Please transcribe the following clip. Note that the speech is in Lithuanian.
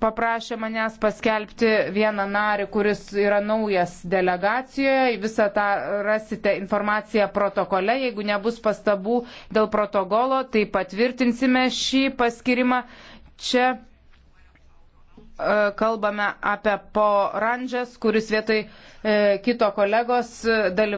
paprašė manęs paskelbti vieną narį, kuris yra naujas delegacijoje. Visą tą rasite informaciją protokole. Jeigu nebus pastabų dėl protokolo, tai patvirtinsime šį paskirimą. Čia e, kalbame apie po Randžes, kuris vietoj e, kito kolegos e, dalyvauja.